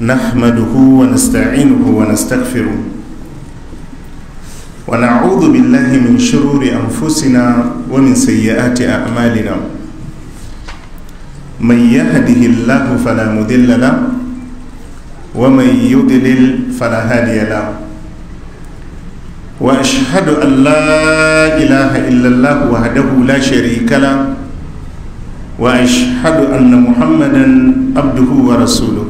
نحمده ونستعينه ونستغفره ونعوذ بالله من شرور أنفسنا ومن سيئات أعمالنا من يهده الله فلا مذل له ومن يضلل فلا هادي له وأشهد أن لا إله إلا الله وحده لا شريك له وأشهد أن محمدا عبده ورسوله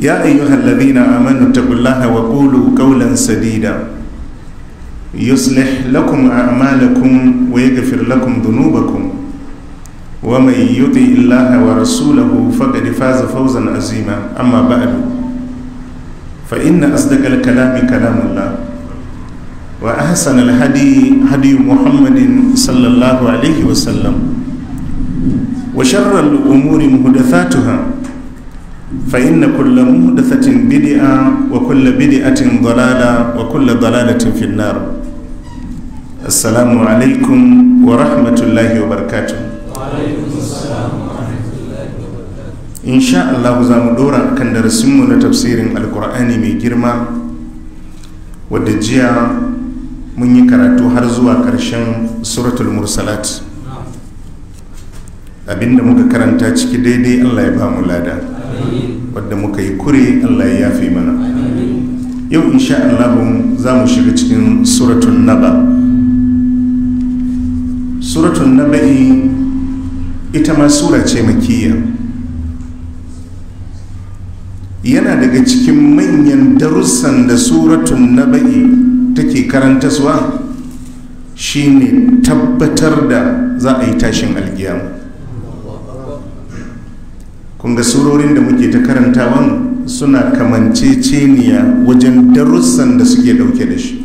يا أيها الذين آمنوا اتقوا الله وقولوا قولا سديدا يصلح لكم أعمالكم ويغفر لكم ذنوبكم ومن يطع الله ورسوله فقد فاز فوزا عظيما أما بعد فإن أصدق الكلام كلام الله وأحسن الهدي هدي محمد صلى الله عليه وسلم وشر الأمور محدثاتها فإن كل محدثة بدعة وكل بدعة ضلالة وكل ضلالة في النار السلام عليكم ورحمة الله وبركاته وعليكم السلام ورحمة الله وبركاته إن شاء الله زام دورا كان درسمنا تفسير القرآن من جرما ودجيا من يكراتو هرزوا كرشن سورة المرسلات abinda muka karanta ciki daidai Allah ya ba mu lada wadda muka yi kure Allah ya yafe mana yau insha Allah za mu shiga cikin suratun naba suratun naba'i ita ma sura ce makiyya yana daga cikin manyan darussan da suratun naba'i take karantaswa shine tabbatar da za a yi tashin alkiyama Kunga surorin da muke ta karantawan suna kamance ceniya wajen darussan da suke dauke da shi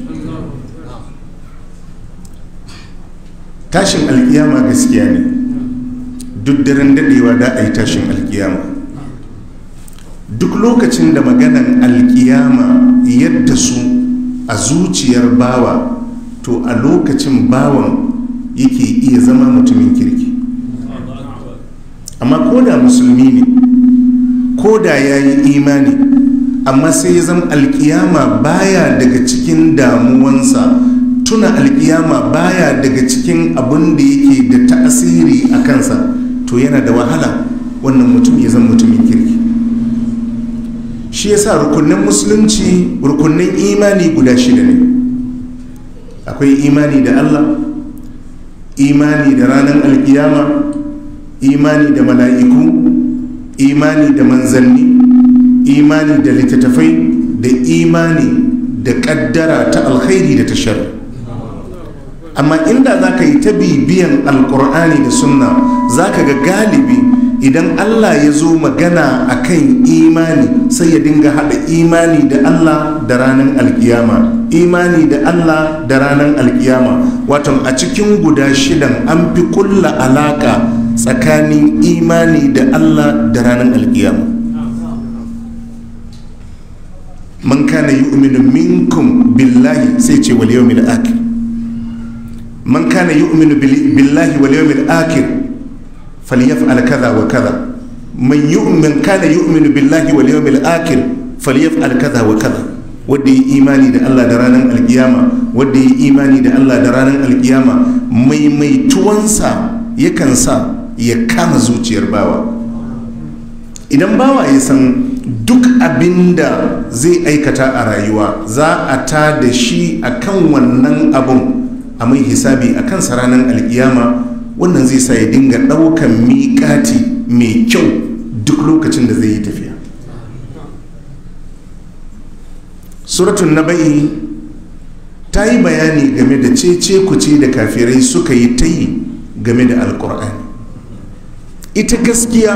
tashin alkiyama gaskiya ne duk daren dadewa da a yi tashin alkiyama duk lokacin da maganan alkiyama yadda su a zuciyar bawa to a lokacin bawan yake iya zama mutumin kirki amma ko da musulmi ne ko da ya yi imani amma sai ya zama alkiyama baya daga cikin damuwansa tuna alkiyama baya daga cikin abin da yake da ta'asiri a kansa to yana da wahala wannan mutum ya zama mutumin kirki shi yasa rukunin musulunci rukunin imani guda shida ne akwai imani da allah imani da ranar alkiyama imani da mala'iku imani da manzanni imani da littattafai da imani da kaddara ta alkhairi da ta shari amma inda za ka yi ta bibiyan alkur'ani da sunna za ka ga galibi idan allah ya zo magana a kan imani sai ya dinga haɗa imani da allah da ranar alkiyama imani da allah da ranar alkiyama watan a cikin guda shidan an fi kulla alaƙa. tsakanin imani da allah da ranar alkiyama man kana yu'minu minkum billahi sai ce wal yawmil akhir man kana yu'minu billahi wal yawmil akhir falyaf'al kaza wa kaza man yu'min kana yu'minu billahi wal yawmil akhir falyaf'al kaza wa kaza wanda yi imani da Allah da ranar alkiyama wanda yi imani da Allah da ranar alkiyama maimaituwansa yakan sa ya kama zuciyar bawa idan bawa ya san duk abin da zai aikata a rayuwa za a ta da shi a kan wannan abun a mai hisabi a kan ranar alkiyama wannan zai sa ya dinga ɗaukan miƙati mai kyau duk lokacin da zai yi tafiya suratun na bai ta yi bayani game da cece kuce da kafirai suka yi ta yi game da alkur'ani ita gaskiya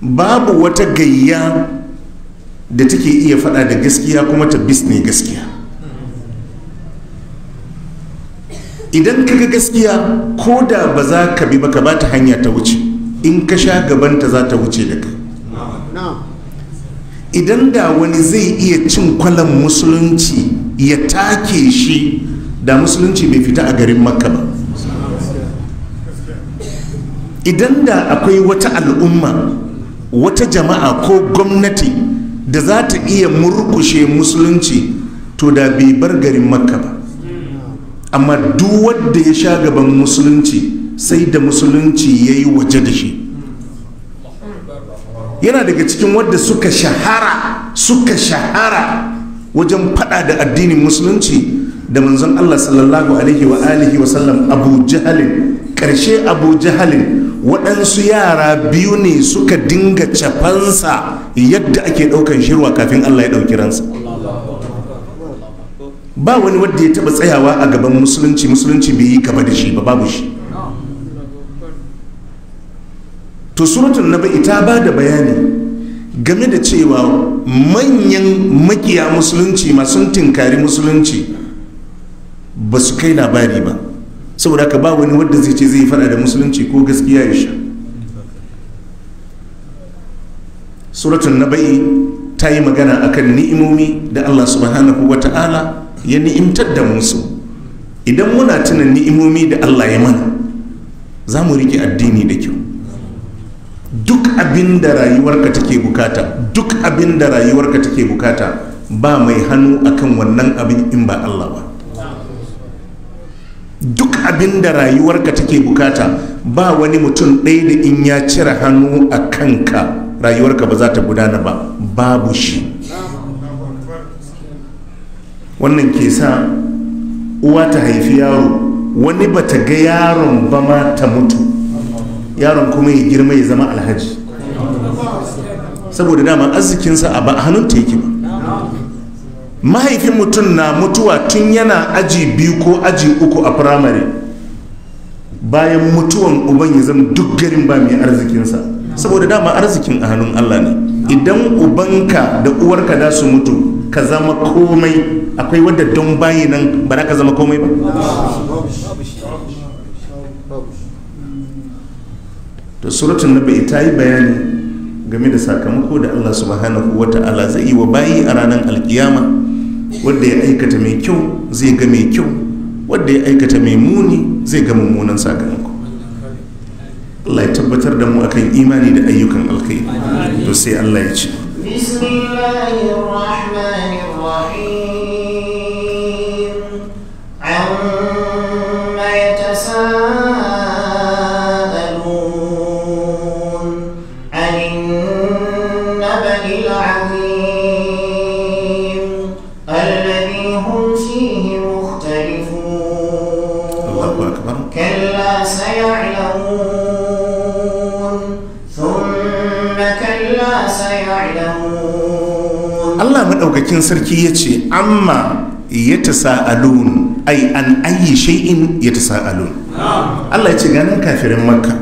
babu wata gayya da take iya fada da gaskiya kuma ta bisne gaskiya idan kaga gaskiya ko da ba za ka bi ba ka ba ta hanya ta wuce in ka sha gabanta za ta wuce da ka idan da wani zai iya cin kwalan musulunci ya take shi da musulunci bai fita a garin makka ba idan da akwai wata al'umma wata jama'a ko gwamnati da za ta iya murkushe musulunci to da bai bar garin makka ba amma duk wadda ya sha gaban musulunci sai da musulunci ya yi waje da shi yana daga cikin wadda suka shahara suka shahara wajen fada da addinin musulunci da manzon allah sallallahu alaihi wa alihi wasallam abu jahalin ƙarshe abu jahalin waɗansu yara biyu ne suka dinga cafansa yadda ake ɗaukan shirwa kafin allah ya ɗauki ransa ba wani wadda ya taɓa tsayawa a gaban musulunci musulunci bai yi gaba da shi ba babu shi to na ba ta ba da bayani game da cewa manyan makiya musulunci masu tinkari musulunci ba su kai labari ba saboda ka ba wani wanda zai ce zai fada da musulunci ko gaskiya ya sha suratun na bai ta yi magana a kan ni'imomi da allah subhanahu wa ta'ala ya ni'imtar da musu idan muna tuna ni'imomi da allah ya mana za mu rike addini da kyau duk abin da rayuwarka take bukata duk abin da rayuwarka take bukata ba mai hannu akan wannan abin in ba allah ba duk abin da rayuwarka take bukata ba wani mutum ɗaya da in ya cire hannu a kanka rayuwarka ba za ta gudana ba babu shi wannan ke sa uwa ta haifi yaro wani ba ta ga yaron ba ma ta mutu yaron kuma ya girma ya zama alhaji saboda dama arzikinsa a hannunta yake ba mahaifin mutum na mutuwa tun yana aji biyu ko aji uku a firamare bayan mutuwan uban ya zama duk garin ba mai arzikinsa saboda dama arzikin a hannun allah ne idan ubanka da uwarka da su mutu ka zama komai akwai wadda don bayi nan ba ka zama komai ba da suratun bai ta yi bayani game da sakamako da allah subhanahu wa ta'ala zai yi wa bayi a ranar alkiyama wadda ya aikata mai kyau zai ga mai kyau wadda ya aikata mai muni zai ga mummunan sakamako Allah ya tabbatar da mu akan imani da ayyukan alkhairi to sai Allah ya ce bismillahir rahmanir rahim maɗaukakin sarki ya ce amma ya ta sa'alun ai an ayi shay'in ya ta sa'alun Allah ya ce ganin kafirin makka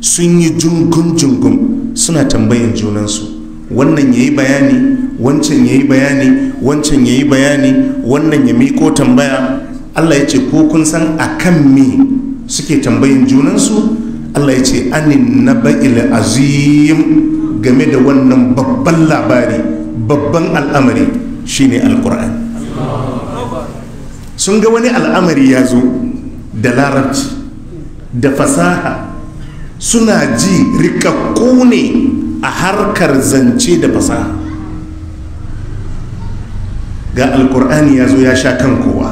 sun yi jungun jungun suna tambayin junansu wannan ya yi bayani wancan ya yi bayani wancan ya yi bayani wannan ya miko tambaya Allah ya ce ko kun san a kan me suke tambayin junansu Allah ya ce anin na ba'il azim game da wannan babban labari babban al'amari shine alkur'ani sun ga wani al'amari ya zo da larabci da fasaha suna ji rikakku ne a harkar zance da fasaha ga alkur'ani ya zo ya sha kan kowa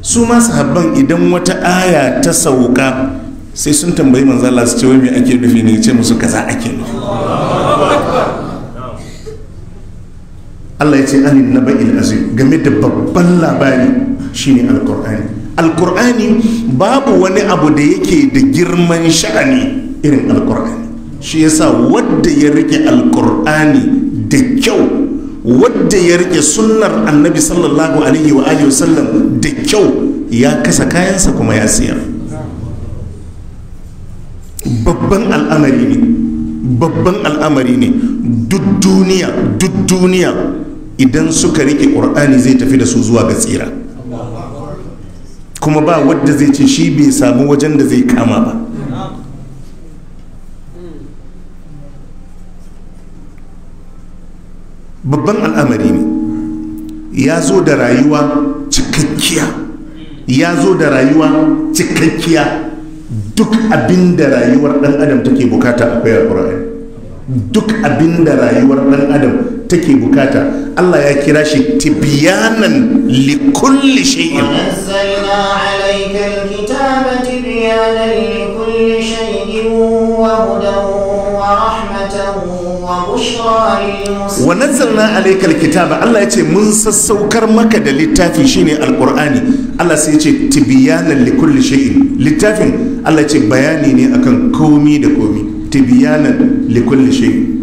su masu habban idan wata aya ta sauka sai sun tambayi manzala su ce wai me ake nufi ne ce musu kaza ake nufi Allah ya ce anin il azim game da babban labari shine alkur'ani alkur'ani babu wani abu da yake da girman sha'ani irin alkur'ani shi yasa wadda ya rike alkur'ani da kyau wadda ya rike sunnar annabi sallallahu alaihi wa alihi wasallam da kyau ya kasa kayansa kuma ya siyar babban al'amari ne babban al'amari ne duk duniya duk duniya idan suka rike ƙur'ani zai tafi da su zuwa ga tsira kuma ba wadda zai ce shi bai samu wajen da zai kama ba babban al'amari ne ya zo da rayuwa cikakkiya ya zo da rayuwa cikakkiya duk abin da rayuwar dan adam take bukata akwai alƙur'ani duk abin da rayuwar dan adam take bukata Allah ya kira shi tibiyanan likulli shay'in anzalna alayka alkitaba shay'in wa hudan wa rahmatan wa bushra wa nazzalna alayka alkitaba Allah yace mun sassaukar maka da littafi shine alqur'ani Allah sai yace tibiyanan li kulli shay'in littafin Allah yace bayani ne akan komi da komi tibiyanan li kulli shay'in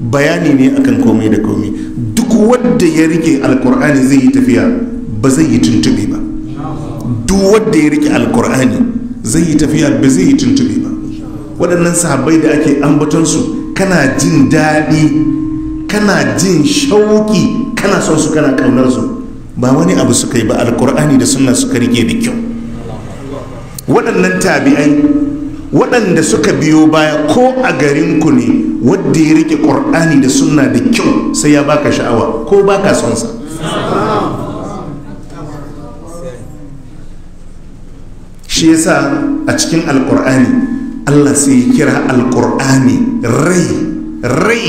bayani ne akan komai da komai duk wadda ya rike alkur'ani zai yi tafiya ba zai yi tuntube ba duk wadda ya rike alkur'ani zai yi tafiya ba zai yi tuntube ba waɗannan sahabbai da ake ambatonsu kana jin daɗi kana jin shauki kana son su kana ƙaunar su ba wani abu suka yi ba alkur'ani da suna suka rike da kyau waɗannan tabi'ai waɗanda suka biyo baya ko a garinku ne wadda ya rike ƙur'ani da sunna da kyau sai ya baka sha'awa ko baka son sa shi yasa a cikin alƙor'ani Allah sai ya kira alƙor'ani rai rai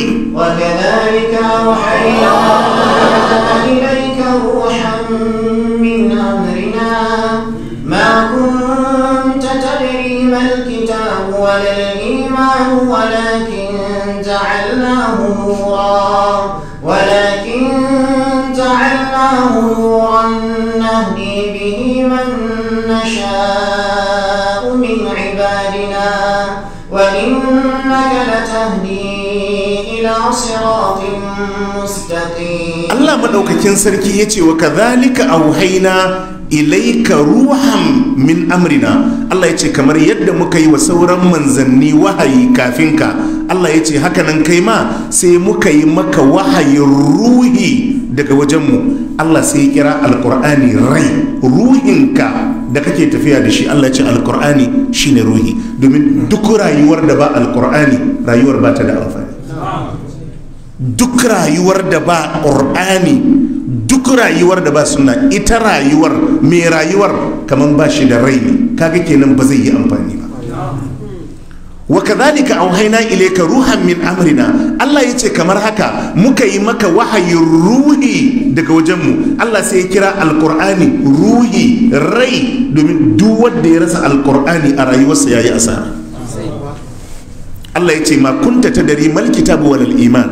عبادنا وإنك لتهدي إلى صراط مستقيم الله مدوك كنسر يتي وكذلك أوحينا ilaika ruham min amrina Allah ya ce kamar yadda muka yi wa sauran manzanni wahayi kafin ka Allah ya ce hakanan kai ma sai muka yi maka wahayin ruhi daga wajenmu Allah sai ya kira alkur'ani rai ruhinka da kake tafiya da shi Allah ce alkur'ani shine ruhi domin duk rayuwar da ba alkur'ani rayuwar ba ta da amfani duk rayuwar da ba ƙur'ani duk rayuwar da ba suna ita rayuwar mai rayuwar kamar ba shi da rai kaga kenan ba zai yi amfani ba wa kadhalika auhayna ilayka ruhan min amrina Allah yace kamar haka muka yi maka wahayin ruhi daga wajen mu Allah sai ya kira alqur'ani ruhi rai domin duk wanda ya rasa alqur'ani a rayuwarsa yayi asara Allah yace ma kunta dari mal kitabu wal iman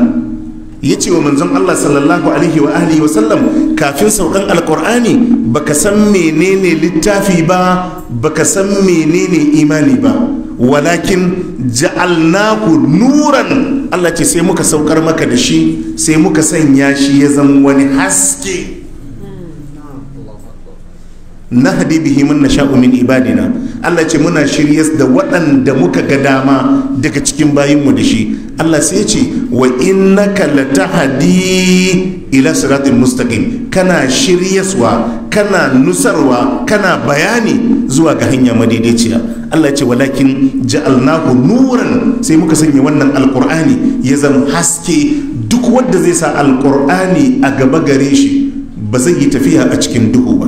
ya ce wa manzon Allah sallallahu alaihi wa alihi wa sallam kafin saukan alkur'ani baka san menene littafi ba baka san menene imani ba walakin ja'alnaku nuran Allah ce sai muka saukar maka da shi sai muka sanya shi ya zama wani haske na hadi bihi na min ibadina Allah ce muna shirye da waɗanda muka ga dama daga cikin bayinmu da shi Allah sai ce wa innaka hadi. ila siratin mustaqim kana shiryaswa kana nusarwa kana bayani zuwa ga hanya madaidaiciya Allah ce walakin ja'alnahu nuran sai muka sanya wannan alqur'ani ya zama haske duk wanda zai sa alqur'ani a gaba gare shi ba zai yi tafiya a cikin duhu ba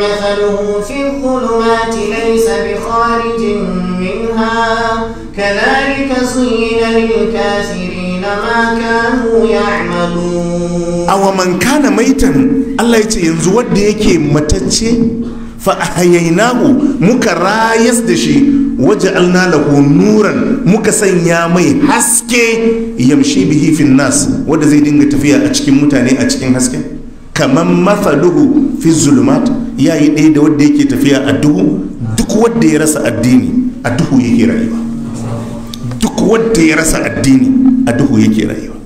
مثله في الظلمات ليس بخارج منها كذلك زين للكافرين ما كانوا يعملون أو من كان ميتا الله يتينزو وديك متتشي فأحييناه muka rayas da shi waje lahu nuran muka sanya mai haske yamshi bihi nas wanda zai dinga tafiya a cikin mutane a cikin haske. mafa mafaluhu fi zulumat ya yi ɗaya da wanda yake tafiya a duhu duk wanda ya rasa addini a duhu yake rayuwa duk wanda ya rasa addini a duhu yake rayuwa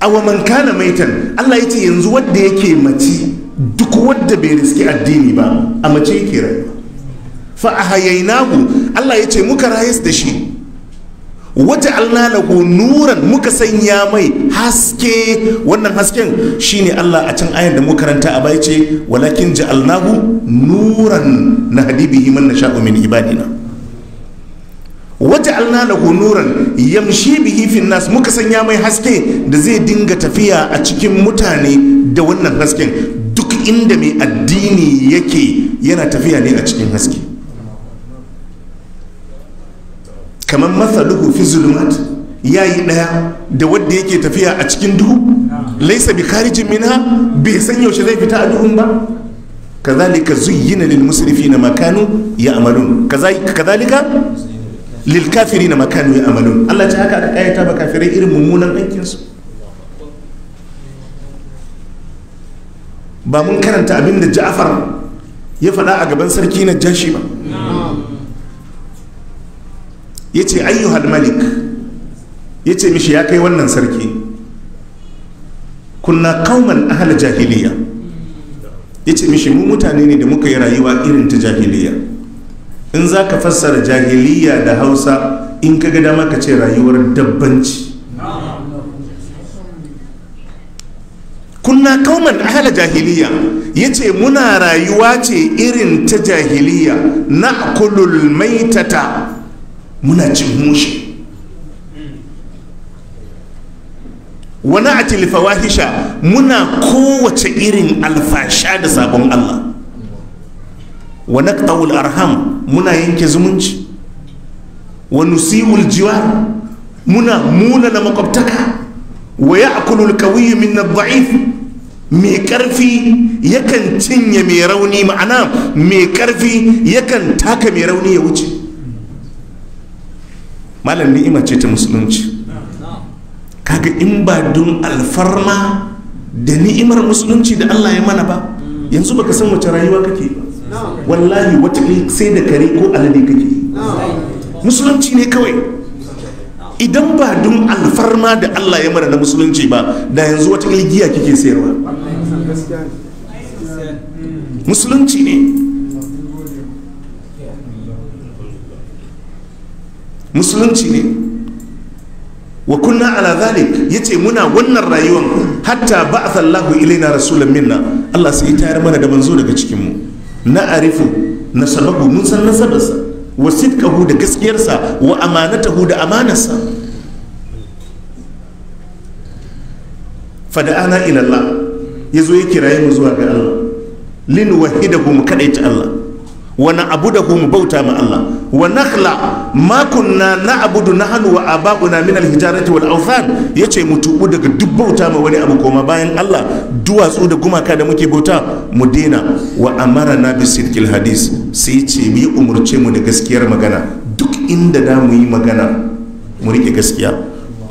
a wa man kana maitan Allah ya ce yanzu wanda yake mace duk wanda bai riski addini ba a mace yake rayuwa fa ahayainahu Allah ya ce muka rayas da shi wata alnalahu nuran muka sanya mai haske wannan hasken shine Allah a can ayan da muka karanta a baya ce walakin ja'alnahu nuran na hadibihi man nasha'u min ibadina wata ko nuran yamshi bihi fin nas muka sanya mai haske da zai dinga tafiya a cikin mutane da wannan hasken duk inda mai addini yake yana tafiya ne a cikin haske kamar masaluhu fi zulumat ya yi ɗaya da wadda yake tafiya a cikin duhu laisa bi kharijin minha bai san yaushe zai fita a duhun ba kazalika zuyyina lil musrifina ma ya ya'malun kazalika lil kafirina makanu ya amalun Allah ta haka aka kayata ba kafirai irin mummunan aikin ba mun karanta abin da Ja'far ya faɗa a gaban sarki na jashi ba ya ce ayyuhal malik ya ce mishi ya kai wannan sarki kunna kauman ahal jahiliya ya ce mishi mu mutane ne da muka yi rayuwa irin ta jahiliya in za ka fassara jahiliya da hausa in ka gada maka ce rayuwar dabbanci kunna kauman ahal jahiliya ya ce muna rayuwa ce irin ta jahiliya na maitata muna cin mushi wani a fawahisha muna kowace irin alfasha da sabon Allah wani ƙaul arham muna yanke zumunci wani simul jiwa muna muna na makwabtaka wa ya akulul kawiyu min da'if mai ƙarfi yakan cinye mai rauni ma'ana mai ƙarfi yakan taka mai rauni ya wuce malam ni'ima ce ta musulunci kaga in ba don alfarma da ni'imar musulunci da Allah ya mana ba yanzu baka san wace rayuwa kake wallahi wata sai da kare ko alade kake musulunci ne kawai idan ba don alfarma da Allah ya mana na musulunci ba da yanzu wata giya kike sayarwa musulunci ne musulunci ne wa kunna ala zalik yace muna wannan rayuwan hatta ba'atha Allahu ilaina rasulan minna Allah sai ya tayar mana da manzo daga cikin mu na arifu na sababu mun san nasabarsa wa sidqahu da gaskiyarsa wa amanatahu da amanarsa fada'ana ila Allah yazo ya kiraye mu zuwa ga Allah lin wahidahu mu kadaita Allah wani abu da mu bauta ma Allah wa nakhla ma kunna na'budu nahnu wa aba'una min al-hijarati wal awthan yace mu tubu daga duk bauta ma wani abu koma bayan Allah duwatsu da gumaka da muke bauta mu dena wa na bi sidqil hadis sai ce mu umurce mu da gaskiyar magana duk inda da mu yi magana mu rike gaskiya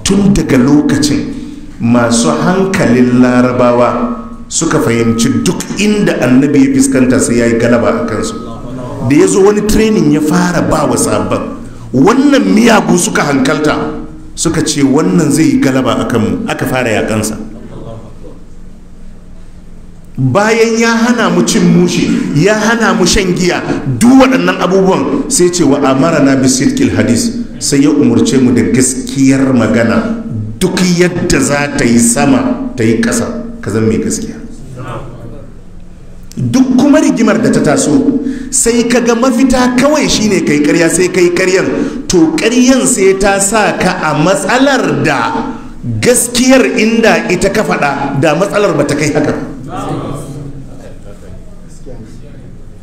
tun daga lokacin masu hankalin larabawa suka fahimci duk inda annabi ya fuskanta sai ya yi galaba a kansu da ya zo wani training ya fara ba wa sabon wannan miyagu suka hankalta suka ce wannan zai yi galaba a kanmu aka fara yakansa bayan ya hana mu cin mushi ya hana mu shan giya duk waɗannan abubuwan sai ce wa amara na bisirkil hadis sai ya umarce mu da gaskiyar magana duk yadda za ta yi sama ta yi ƙasa ka zan mai gaskiya duk kuma rigimar da ta taso sai ka ga mafita kawai shine kai karya sai kai karyan to karyan sai ta sa ka a matsalar da gaskiyar inda ita ka faɗa da matsalar ba ta kai haka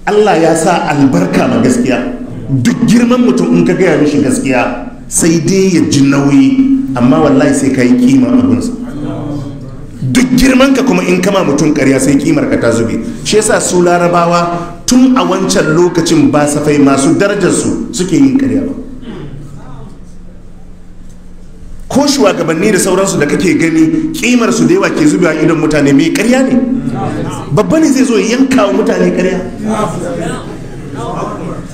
Allah ya sa albarka ma gaskiya duk girman mutum in ka gaya mishi gaskiya sai dai ya ji nauyi amma wallahi sai ka yi kima abinsa duk girman ka kuma in kama mutum karya sai kimar ka ta zube shi yasa su larabawa tun a wancan lokacin ba safai masu darajarsu suke yin karya ba ko shugabanni da sauransu da kake gani kimar su da yawa ke zubewa idan mutane mai karya ne babba ne zai zo ya yanka wa mutane karya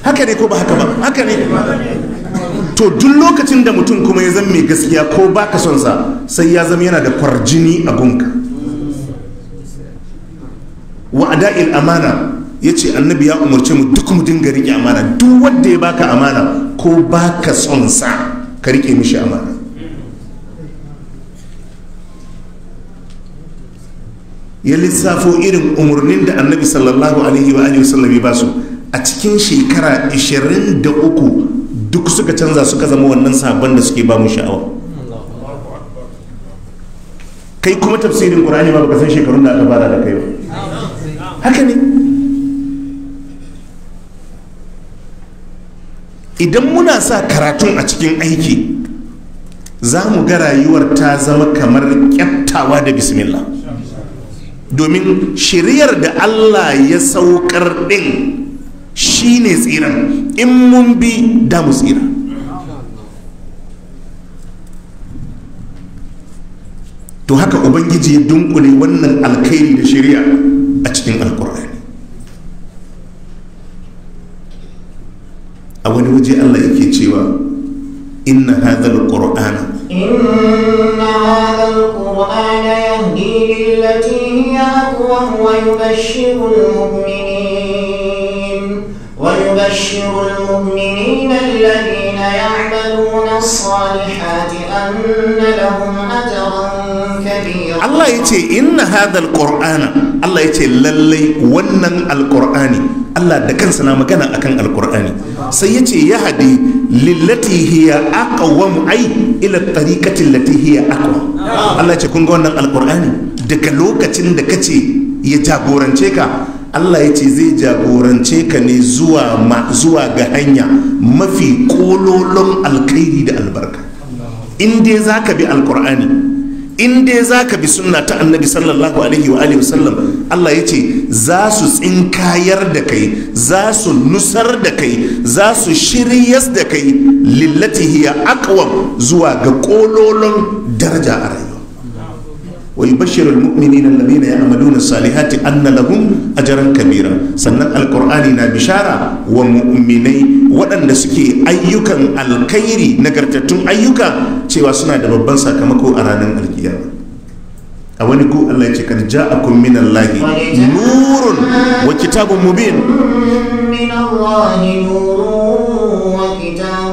haka ne ko ba haka ba haka ne to duk lokacin da mutum kuma ya zama mai gaskiya ko baka son sa sai ya zama yana da kwarjini a gunka wa ada'il amana ya ce annabi ya umarce mu duk mu dinga riƙe amana duk wanda ya baka amana ko baka son sa ka rike mishi amana ya lissafo irin umarnin da annabi sallallahu alaihi wa alihi wasallam ya basu a cikin shekara 23 duk suka canza suka zama wannan sabon da suke ba mu sha'awa kai kuma tafsirin qur'ani ba baka san shekarun da aka fara da kai ba haka ne idan muna sa karatun a cikin aiki za mu ga rayuwar ta zama kamar kyattawa da bismillah domin shiriyar da allah ya saukar din shine tsiran in mun bi da mu tsira to haka ubangiji ya dunkule wannan alkhairi da shari'a a cikin alqur'ani a wani waje allah yake cewa inna hadha alqur'ana إن هذا القرآن يهدي للتي هي أقوم ويبشر المؤمنين ويبشر المؤمنين الذين yakamalo na son lishadi an allah ya ce in na hadal qur'ana allah ya ce lallai wannan alqur'ani allah da kansa na magana akan kan alqur'ani sai ya ce ya hadi ni latiha a ka ai ila dari kati latiha akala. allah ya ce kuka wannan alqur'ani daga lokacin da kace ya jagorance ka. allah ya ce zai jagorance ka ne zuwa ga hanya mafi kololon alkhairi da albarka in dai za ka bi alkur'ani inda dai za ka bi sunna ta annabi sallallahu alaihi wa alihi wasallam allah ya ce za su tsinkayar da kai za su nusar da kai za su shiryas da kai lillati hiya akwam zuwa ga kololon daraja a rai ويبشر المؤمنين الذين يعملون الصالحات أن لهم أجرا كبيرا سنة القرآن بشارة ومؤمني وأن سكي أيكا الخير نقرتتم أيكا سوى سنة ببن ساكمكو أرانا القيامة أولي كو الله يتكن جاءكم من الله نور وكتاب مبين من الله نور وكتاب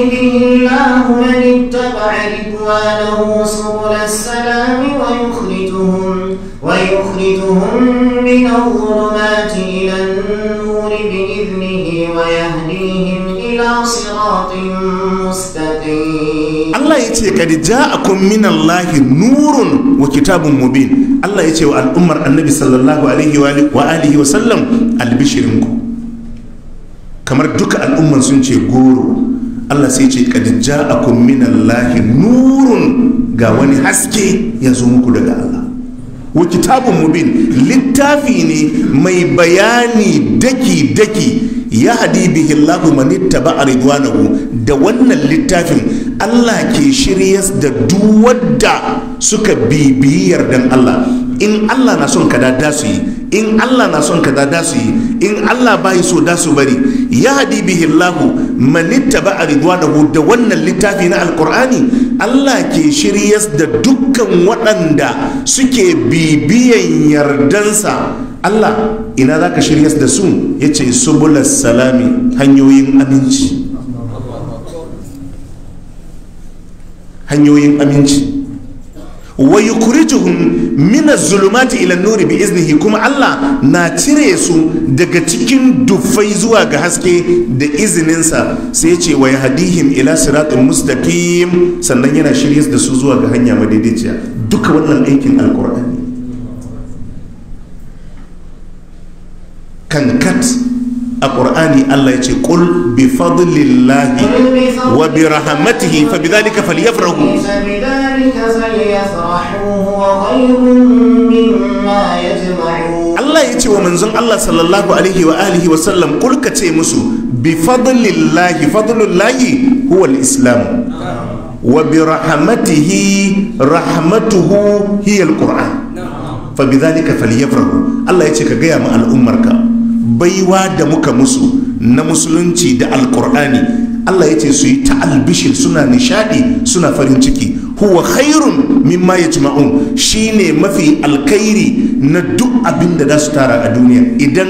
Ilaalahu nita fa'iduwa na wasu kula saɗa ni waya ukhri tuhun waya ukhri tuhun biyan hurmatin Allah ya ce kadi ja a kunminen lahin nurun wa kitabun mu bin, Allah ya ce wa al'ummar annabi sallallahu alaihi wa alihi wa sallam albishirin Kamar duka al'ummar sun ce goro. Allah sai ce kad ja'akum minallahi nurun ga wani haske ya zo muku daga Allah wa kitabun mubin littafi ne mai bayani daki daki ya hadi bihi Allahu man ittaba ridwanahu da wannan littafin Allah ke shiryas da duk wadda suka bibiyi dan Allah in Allah na son kada da su yi in Allah na son kaza da su yi in Allah bai so da su bari ya hadi bihi Allah ba a ridwanahu da wannan littafi na alkur'ani Allah ke shirya da dukkan waɗanda suke bibiyan yardansa Allah ina za ka shirya da su Ya ce subulas salami hanyoyin aminci hanyoyin aminci wa yukhrijuhum zulumati ila nuri bi iznihi kuma Allah na cire su daga cikin dufai zuwa ga haske da izininsa sai ce wa hadihim ila siratin mustaqim sannan yana shirye da su zuwa ga hanya madaidaiciya duka wannan aikin alkur'ani kankat a ƙur'ani Allah ya ce ƙul bi fadlillahi wa bi rahmatihi fa bi dhalika falyafrahu Allah ya ce wa manzon Allah sallallahu alaihi wa alihi wa sallam ka ce musu bi fadlillahi fadlullahi huwa al-islam wa bi rahmatihi rahmatuhu hiya al-qur'an fa bi dhalika falyafrahu Allah ya ce ka gaya ma al'ummarka baiwa da muka musu na musulunci da alkur'ani Allah ya ce su yi ta'albishir suna nishadi suna farin ciki huwa khairun mimma shi shine mafi alkhairi na duk abin da su tara a duniya idan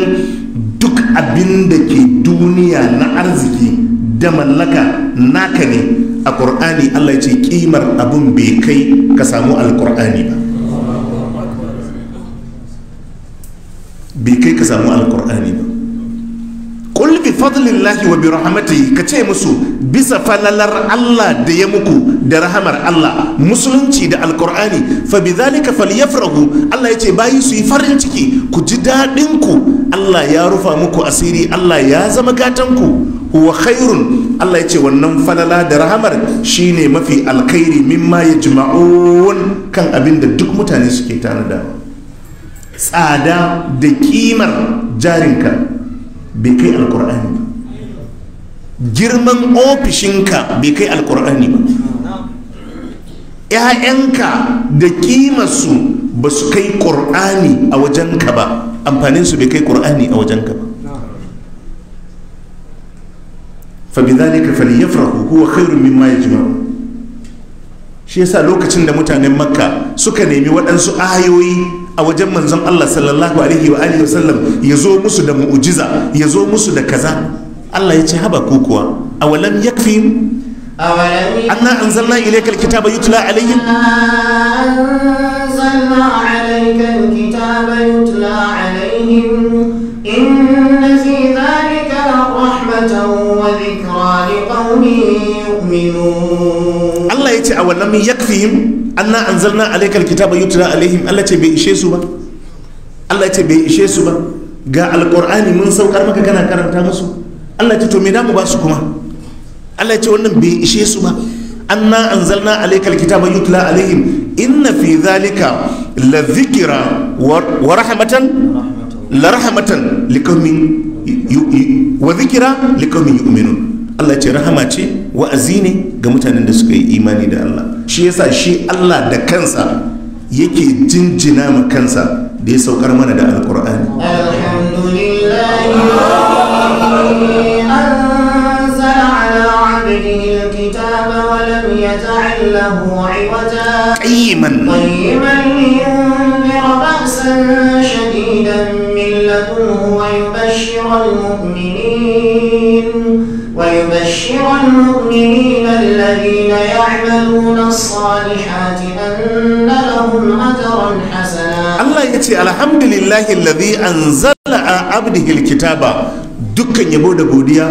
duk abin da ke duniya na arziki da mallaka naka ne a ƙur'ani Allah ya ce kimar abun bai kai ka samu alkur'ani ba bai kai ka samu alkur'ani fadlillahi wa bi ka ce musu bisa falalar Allah da ya muku da rahamar Allah musulunci da alkur'ani fa bidhalika falyafrahu Allah yace bayi su yi farin ciki ku ji daɗin ku Allah ya rufa muku asiri Allah ya zama gatan ku huwa khairun Allah yace wannan falala da rahamar shine mafi alkhairi mimma yajma'un kan abin da duk mutane suke da tsada da kimar jarinka bai kai alkur'ani ba girman ofishinka bai kai alkur'ani ba ‘ya'yanka da kimarsu ba su kai ƙur'ani a wajenka ba amfaninsu bai kai ƙur'ani a wajenka ba fa bi zalika falyafrahu huwa khairun mimma yajma'u shi yasa lokacin da mutanen makka suka nemi waɗansu ayoyi a wajen manzon Allah sallallahu alaihi wa alihi wasallam ya zo musu da mu'ujiza ya zo musu da kaza Allah ya ce haba ku kuwa awalam yakfi anna anzalna ilaykal kitaba yutla alayhim anzalna alaykal kitaba yutla alayhim inna fi dhalika rahmatan wa dhikra liqaumin yu'minun ya ce a min yakfihim anna anzalna alayka alkitaba yutla alaihim Allah ce bai ishe su ba Allah ce bai ishe su ba ga alqur'ani mun saukar maka kana karanta musu Allah ce to me ba su kuma Allah ce wannan bai ishe su ba anna anzalna alayka alkitaba yutla alaihim inna fi dhalika la dhikra wa rahmatan la rahmatan liqaumin wa dhikra liqaumin yu'minun Allah ce rahama ce wa'azi ne ga mutanen da suka yi imani da Allah shi yasa shi Allah da kansa yake jinjina ma kansa da ya saukar mana da alkur'ani قيما قيما لينذر من لدنه ويبشر المؤمنين المؤمنين الذين يعملون الصالحات أن لهم أجرا حسنا الله يتي الحمد لله الذي أنزل على عبده الكتاب dukkan yabo da godiya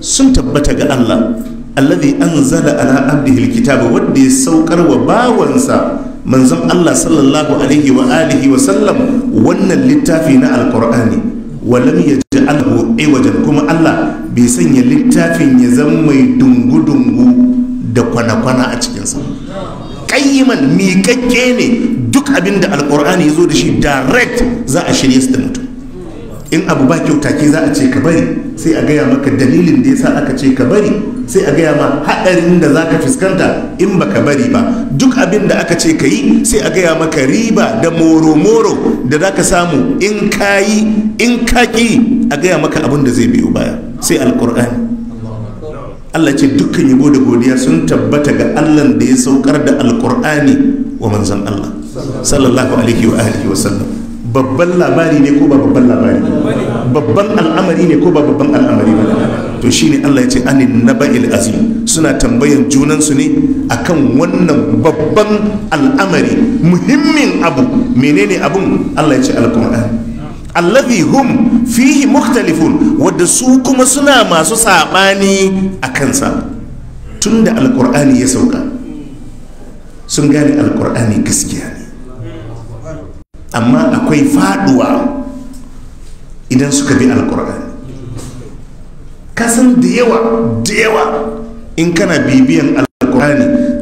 sun tabbata ga Allah alladhi anzala ala abdihi alkitaba wanda ya saukar wa bawansa manzon Allah sallallahu alaihi wa alihi wa sallam wannan littafi na alqur'ani wa lam yaj'alhu iwajan kuma Allah bai sanya littafin ya zama mai dungu-dungu da kwana-kwana a cikinsa ƙayyiman miƙaƙƙe ne duk abin da alƙur'ani ya zo da shi direct za a shirya su da mutum in abu ba kyauta ke za a ce ka bari sai a gaya maka dalilin da ya sa aka ce ka bari sai a gaya ma haɗarin da za ka fuskanta in baka bari ba duk abin da aka ce ka yi sai a gaya maka riba da moro-moro da za ka samu in ka yi in ka ƙi a gaya maka abin da zai biyu baya sai alƙur'ani Allah ce dukkan yabo da godiya sun tabbata ga Allah da ya saukar da alƙur'ani wa manzan Allah sallallahu alaihi wa alihi wa sallam babban labari ne ko ba babban labari babban al'amari ne ko ba babban al'amari ba to shine Allah ya ce anin naba'il azim suna tambayan junansu ne akan wannan babban al'amari muhimmin abu menene abun Allah ya ce alqur'ani allazi hum fihi mukhtalifun wadda su kuma suna masu saɓani a kansa tun da alkur'ani ya sauka sun gane alkur'ani gaskiya ne amma akwai faduwa idan suka bi alkur'ani kasan da yawa da yawa in kana bibiyan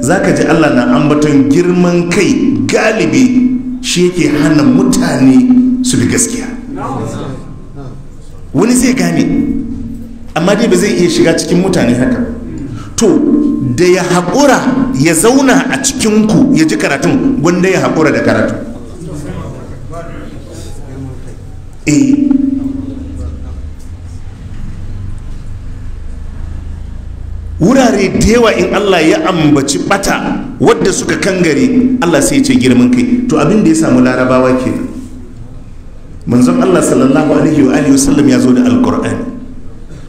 za ka ji allah na ambaton girman kai galibi shi yake hana mutane su bi gaskiya wani zai gane amma dai ba zai iya shiga cikin mutane haka to da ya haƙura ya zauna a cikinku ya ji karatun wanda ya haƙura da karatu eh wurare da yawa in Allah ya ambaci bata wadda suka kangare Allah sai ce girman kai to abin da ya samu larabawa ke manzon Allah sallallahu alaihi wa alihi wasallam ya zo da alqur'ani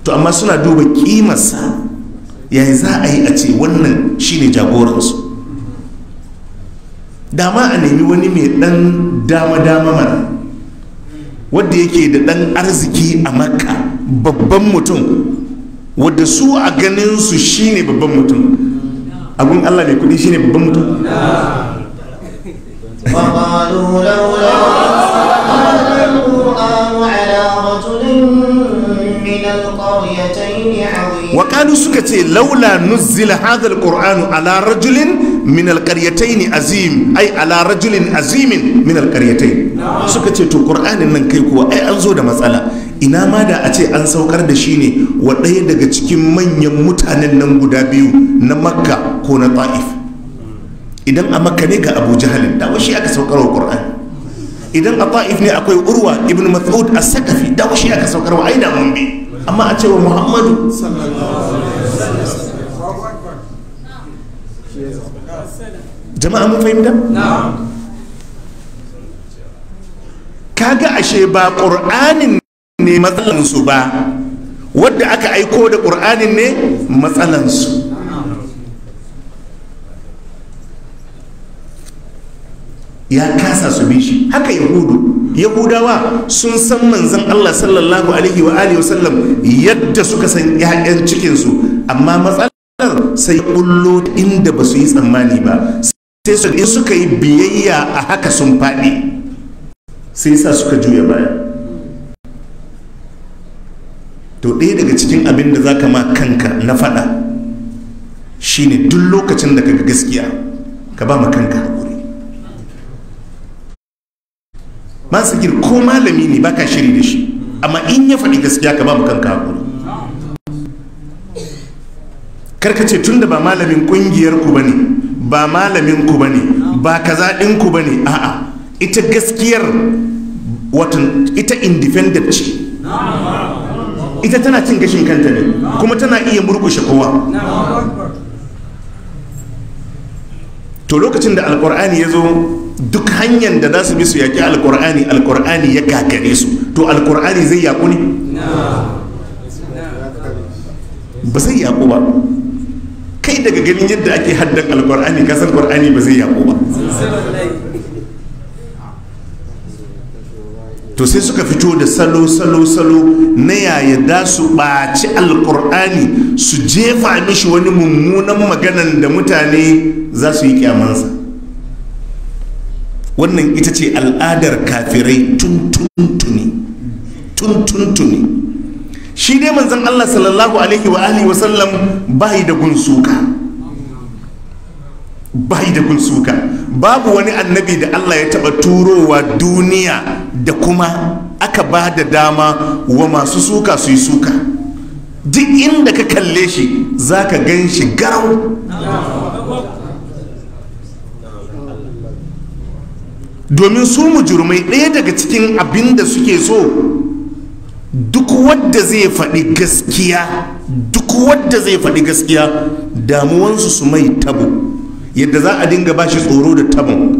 to amma suna duba kimarsa yayin za a yi a ce wannan shine jagoransu dama a nemi wani mai dan dama dama mana wadda yake da dan arziki a makka babban mutum wadda su a ganin su shine babban mutum abin Allah mai kudi shine babban mutum waƙalu suka ce laula nuzila hadar ƙoranu ala rajulin minal ƙaryatai azim ai ala rajulin azimin minal ƙaryatai suka ce to qur'anin nan kai kuwa ai an zo da matsala ina ma da a ce an saukar da shi ne wa ɗaya daga cikin manyan mutanen nan guda biyu na makka ko na ta'if idan a makka ne ga abu jihalin da shi aka saukar wa ƙur'an idan a ta'if ne akwai urwa ibn mas'ud a sakafi da shi aka saukar wa aina mun bi amma a ce wa muhammadu jama'a mun fahimta kaga ashe ba ƙur'anin ne matsalansu ba wadda aka aiko da ƙur'anin ne matsalansu ya kasa su bi shi haka yahudu yahudawa sun san manzan allah sallallahu alaihi wa alihi wasallam yadda suka san 'ya'yan cikinsu amma matsalar sai kullo inda ba su yi tsammani ba sai su in suka yi biyayya a haka sun faɗi sai sa suka juya baya to ɗaya daga cikin abin da za ka ma kanka na faɗa shine duk lokacin da kaga gaskiya ka ba ma kanka haƙuri masu gir ko malami ne baka shiri da shi amma in ya faɗi gaskiya ka ba ma kanka haƙuri ce tun da ba malamin ƙungiyar ku bane ba malamin ku bane ba kaza ɗin ku bane a'a ita gaskiyar wata ita independent ce ita tana cin gashin kanta ne kuma tana iya murkushe kowa to lokacin da alkur'ani ya zo duk hanyar da za su bi su yaƙi alkur'ani alkur'ani ya gagare su to alkur'ani zai yaƙu ne ba zai yaƙu ba kai daga ganin yadda ake haddan alkur'ani kasan kur'ani ba zai yaƙu ba to sai suka fito da salo salo salo na yaya da su ɓaci alkur'ani su jefa mishi wani mummunan maganan da mutane za su yi kyamansa wannan ita ce al'adar kafirai tuntuntuni tuntuntuni shi dai manzon allah sallallahu alaihi wa alihi wasallam bai da gunsuka bai da gunsuka babu wani annabi da Allah ya taɓa turowa duniya da kuma aka ba da dama wa masu suka su yi suka duk inda ka kalle shi za ka gan shi garau domin su mujurmai ɗaya daga cikin abin da suke so duk wadda zai faɗi gaskiya duk wadda zai faɗi gaskiya damuwansu su mai tabo yadda za a dinga bashi tsoro da tabon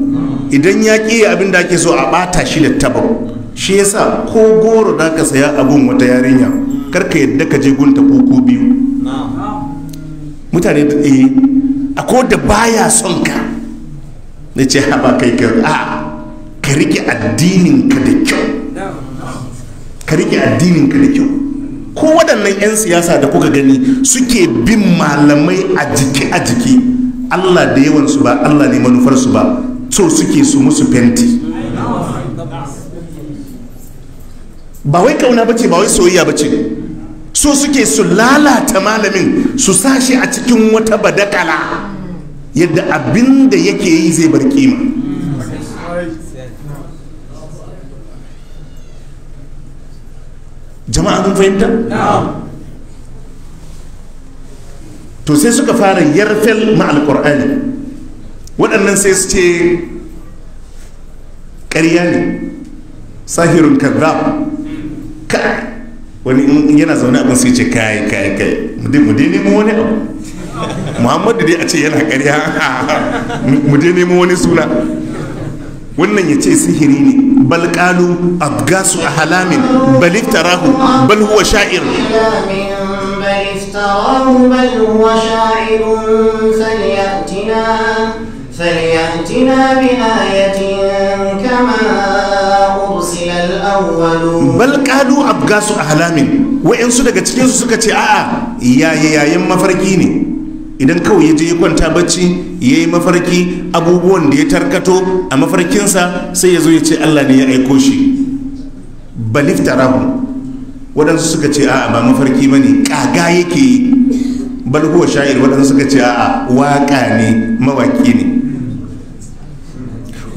idan ya ƙi abin da ake so a ɓata shi da tabon shi yasa ko goro da ka saya abun wata yarinya karka yadda ka je gunta koko biyu mutane da eh ko da baya son ka na ce haɓa kai ka a ka rike addinin ka da kyau ka rike addinin ka da kyau ko waɗannan 'yan siyasa da kuka gani suke bin malamai a jiki a jiki Allah da yawan su ba Allah ne manufar su ba so suke su musu fenti ba wai kauna bace ba wai soyayya bace so suke su lalata malamin su sashi a cikin wata badakala yadda abin da yake yi zai bar kima jama'a kun fahimta? to sai suka fara yarfel ma alƙur'ani waɗannan sai su ce ƙarya ne sahirun kazzab ka wani yana zaune abin sai ce kai kai kai mu dai mu wani abu muhammadu dai a ce yana ƙarya mu dai mu wani suna wannan ya ce sihiri ne bal abgasu ahalamin bal iftarahu bal huwa sha'ir افتراه بل هو شاعر فليأتنا فليأتنا بآية كما أرسل الأولون بل قالوا أبغاس أحلام وإن صدق suka ce آآ يا يا يا مفرقيني idan kawai ya je ya kwanta bacci ya yi mafarki abubuwan da ya tarkato a mafarkinsa sai ya zo ya ce allah ne ya aiko shi baliftarahu waɗansu suka ce a'a ba mafarki ba ne ƙaga yake yi bal huwa sha'ir waɗansu suka ce a'a waƙa ne mawaƙi ne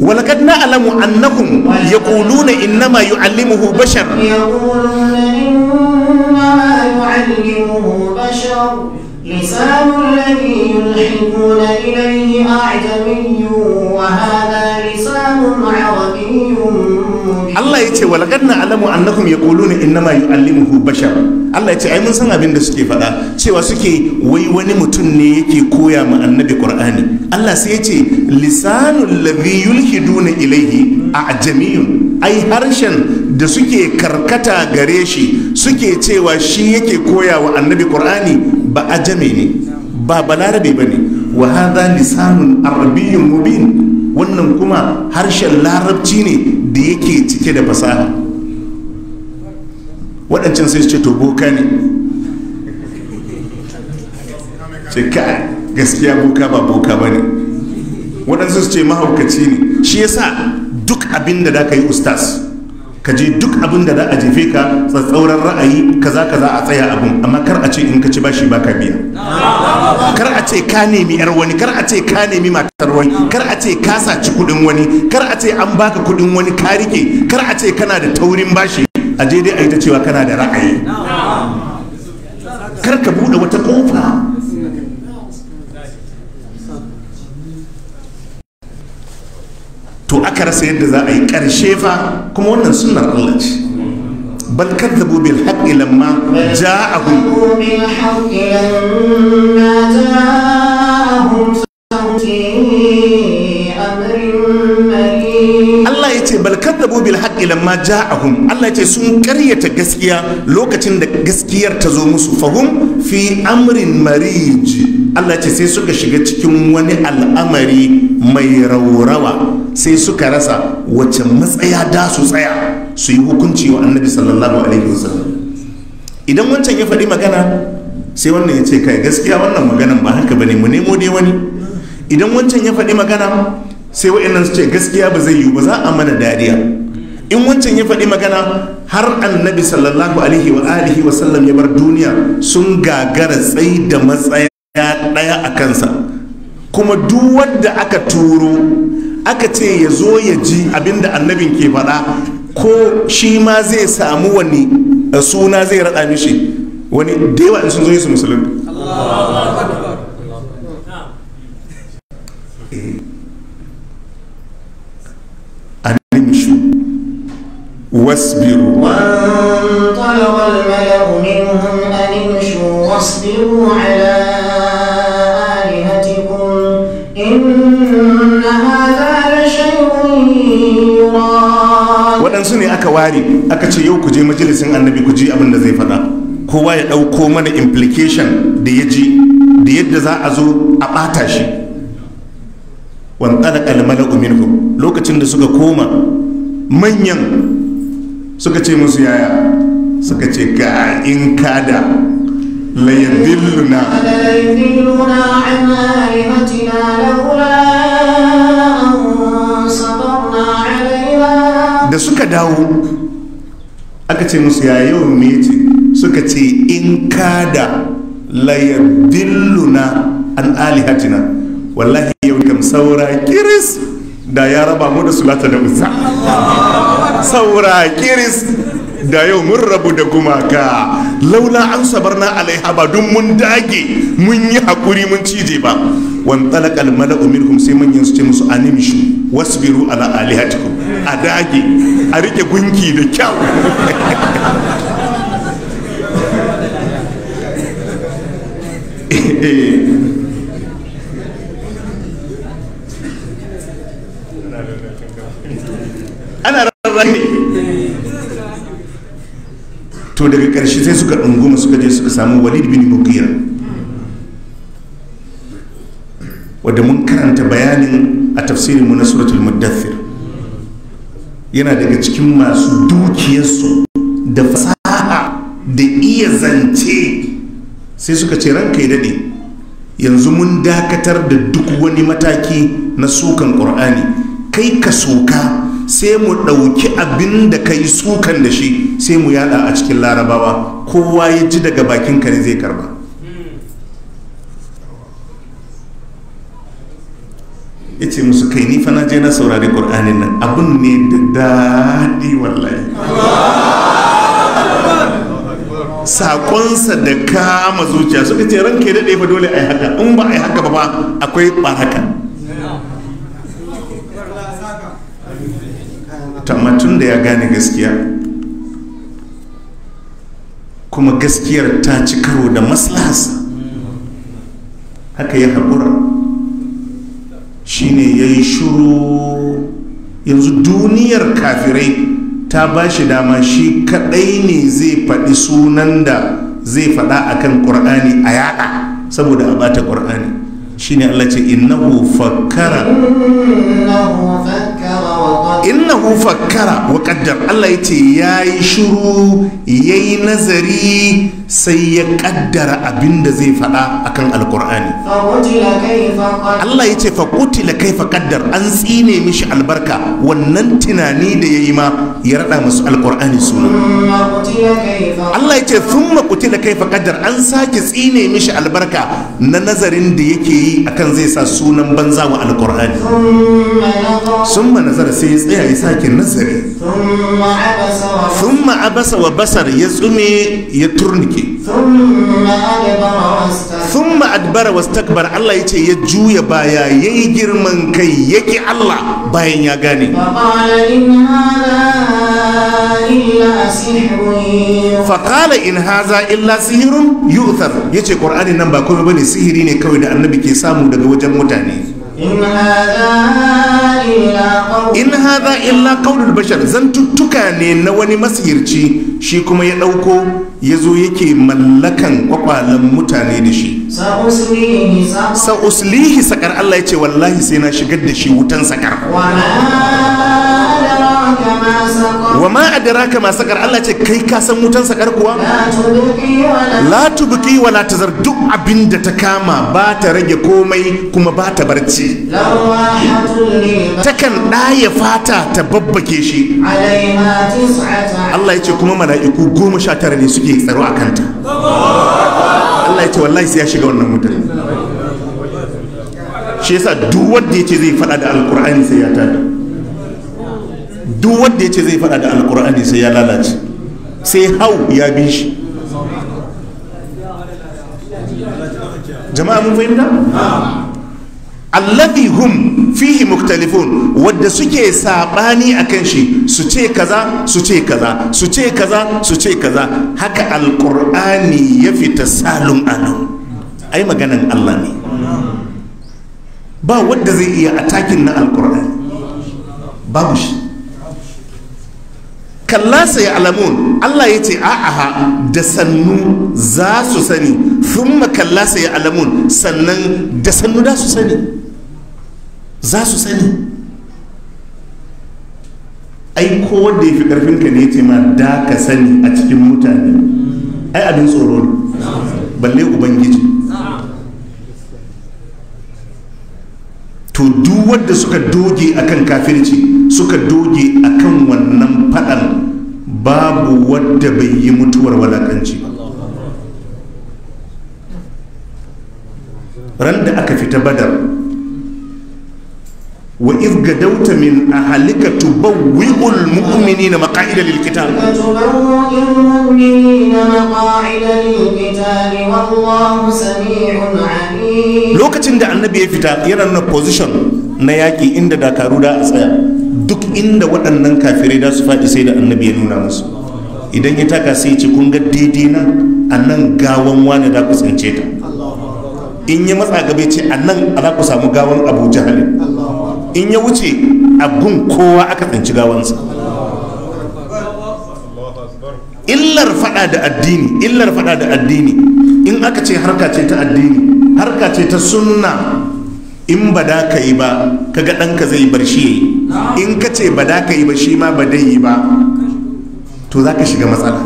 ولقد نعلم أنهم يقولون إنما يعلمه بشر يقولون إنما يعلمه بشر لسان الذي يلحقون إليه أعجمي وهذا لسان عربي Allah ya ce walaqad na'lamu annakum yaquluna innama yu'allimuhu bashar Allah ya ce ai mun san abin da suke faɗa cewa suke wai wani mutum ne yake koya ma annabi Qur'ani Allah sai ya ce lisanul ladhi ilaihi ilayhi a'jamiyun ai harshen da suke karkata gare shi suke cewa shi yake koya wa annabi Qur'ani ba ajame ne ba balarabe bane wa hadha lisanun arabiyyun mubin wannan kuma harshen larabci ne da yake cike da fasaha waɗancan sai su ce to boka ne ce gaskiya boka ba boka ba ne waɗansu su ce mahaukaci ne shi yasa duk abinda da ka yi ustas ka je duk abin da za a jefe ka tsatsauran ra'ayi kaza kaza a tsaya abin amma kar a ce in ka ci bashi baka biya kar a ce ka nemi yar wani kar a ce ka nemi matar wani kar a ce ka saci kudin wani kar a ce an baka kudin wani ka rike kar a ce kana da taurin bashi a je dai a yi ta cewa kana da ra'ayi kar ka bude wata kofa to aka rasa yadda za a yi ƙarshe fa kuma wannan sunnar Allah ce bal kadzabu bil haqqi lamma ja'ahum Allah ya ce bal kadzabu bil haqqi lamma ja'ahum Allah ya ce sun karyata gaskiya lokacin da gaskiyar ta zo musu fahum fi amrin marij Allah ya ce sai suka shiga cikin wani al'amari mai raurawa sai suka rasa wace matsaya da su tsaya su yi hukunci wa annabi sallallahu alaihi wasallam idan wancan ya faɗi magana sai wannan ya ce kai gaskiya wannan maganan ba haka bane mu nemo dai wani idan wancan ya faɗi magana sai wa'annan su ce gaskiya ba zai yi ba za a mana dariya in wancan ya faɗi magana har annabi sallallahu alaihi wa alihi wa sallam ya bar duniya sun gagara tsayi da matsaya ɗaya a kansa kuma duk wanda aka turo aka ce ya zo ya ji abinda annabin ke faɗa ko shi ma zai samu wani eh, suna zai raɗa mishi wani dewa in sun zo su musulun eh. animshu wasbiru وانطلق الملأ منهم أن امشوا واصبروا على su ne aka ware aka ce yau ku je majalisin annabi ku ji abin da zai faɗa kowa ya ɗauko mana implication da ya ji da yadda za a zo a ɓata shi wantsara kalmala minhum lokacin da suka koma manyan suka ce musu yaya suka ce ga in kada la yadilluna da suka dawo aka ce musu ya yau me suka ce in kada layadilluna an alihatina wallahi yau kam saura kiris da ya raba mu da sulata da musa saura kiris da yau mun rabu da gumaka laula an sabarna alaiha ba don mun dage mun yi hakuri mun cije ba wan talakal mala'u minhum sai manyan su ce musu animishu wasbiru ala alihatikum a dage a rike gunki da kyau eh, eh. to daga ƙarshe sai suka ɗunguma suka je suka samu walid bin mughira wadda mun karanta bayanin a tafsirin mu na suratul muddathir yana daga cikin masu dukiyarsu da fasaha da iya zance sai suka ce ranka ya daɗe yanzu mun dakatar da duk wani mataki na sukan ƙur'ani kai ka soka sai mu ɗauki abin da ka yi sukan da shi sai mu yada a cikin larabawa kowa ya ji daga bakin ne zai karba ya ce musu kai ni fana je na saurari ƙur'anin nan abin ne da daɗi wallahi sakonsa da kama zuciya suka ce ranke daɗe fa dole a yi haka in ba a yi haka ba akwai ɓaraka tamatun da ya gane gaskiya kuma gaskiyar ta ci karo da maslahasa haka ya haƙura shine ya yi shuru yanzu duniyar kafirai ta ba shi dama shi kaɗai ne zai faɗi sunan da zai faɗa a kan ƙur'ani a yaɗa saboda a bata ƙur'ani shine Allah ce innahu fakkara innahu fakkara innahu fakkara wa kaddar Allah ya ce ya yi shuru ya yi nazari sai ya kaddara abin da zai faɗa akan alkur'ani Allah ya ce faƙutila kaifa kaddar an tsine mishi albarka wannan tunani da ya yi ma ya raɗa masu alkur'ani suna Allah ya ce sun maƙutila kaifa kaddar an sake tsine mishi albarka na nazarin da yake yi akan zai sa sunan banza wa alkur'ani sun ma nazara sai ya tsaya ya sake nazari thumma abasa wa basar ya tsume ya turnike thumma adbara wastakbar Allah ya ce ya juya baya ya girman kai yake Allah bayan ya gane faƙala in haza illa sihirun yu'thar ya ce ƙwar'ani nan ba komai bane sihiri ne kawai da annabi ke samu daga wajen mutane in haza illa kaunar bashar zantuttuka ne na wani masirci shi kuma ya ɗauko ya zo yake mallakan kwakwalen mutane da shi sa sakar Allah ya ce wallahi sai na shigar da shi wutan sakar wa ma adraka ma sakar Allah ce kai ka san wutan sakar kuwa la tubqi wa la tazar duk abin da ta kama ba ta rage komai kuma ba ta barci takan ɗaya fata ta babbake shi Allah ya ce kuma mala'iku goma sha tara ne suke tsaro a kanta Allah ya ce wallahi sai ya shiga wannan mutane shi yasa duk wanda ya ce zai faɗa da alkur'ani sai ya tada duk wanda ya ce zai faɗa da alkur'ani sai ya lalace sai hau ya bi shi jama'a mun fahimta allazi hum fihi muktalifun wadda suke sabani akan shi su ce kaza su ce kaza su ce kaza su ce kaza haka alkur'ani ya fita salun alum ai maganan Allah ne ba wadda zai iya atakin na alkur'ani babu shi kalla ya alamun Allah ya ce a'aha da sannu za su sani thumma kalla ya alamun sannan da sannu za su sani za su sani ai ko wanda ya fi karfin ka ne ya ce ma da ka sani a cikin mutane ai abin tsoro ne balle ubangiji to duk wanda suka doge akan kafirci suka doge akan wannan fadan babu wadda bai yi mutuwar walakanci ba ran da aka fita badar wa izga dauta min a halika tubawwi'ul mu'mini na maka'ida lilkita lokacin da annabi ya fita yana na position na yaƙi inda dakaru da a tsaya duk inda waɗannan kafirai da su faɗi sai da annabi ya nuna musu idan ya taka sai ci kun ga daidai nan a nan gawan wani da ku tsince ta in ya matsa gaba ce a nan za ku samu gawan abu jahalin in ya wuce a gun kowa aka tsinci gawansa illar fada da addini illar fada da addini in aka ce harka ce ta addini harka ce ta sunna in ba da ka yi ba kaga ɗanka zai bar shi in ka ce ba da ka yi ba shi ma ba dai yi ba to za ka shiga matsala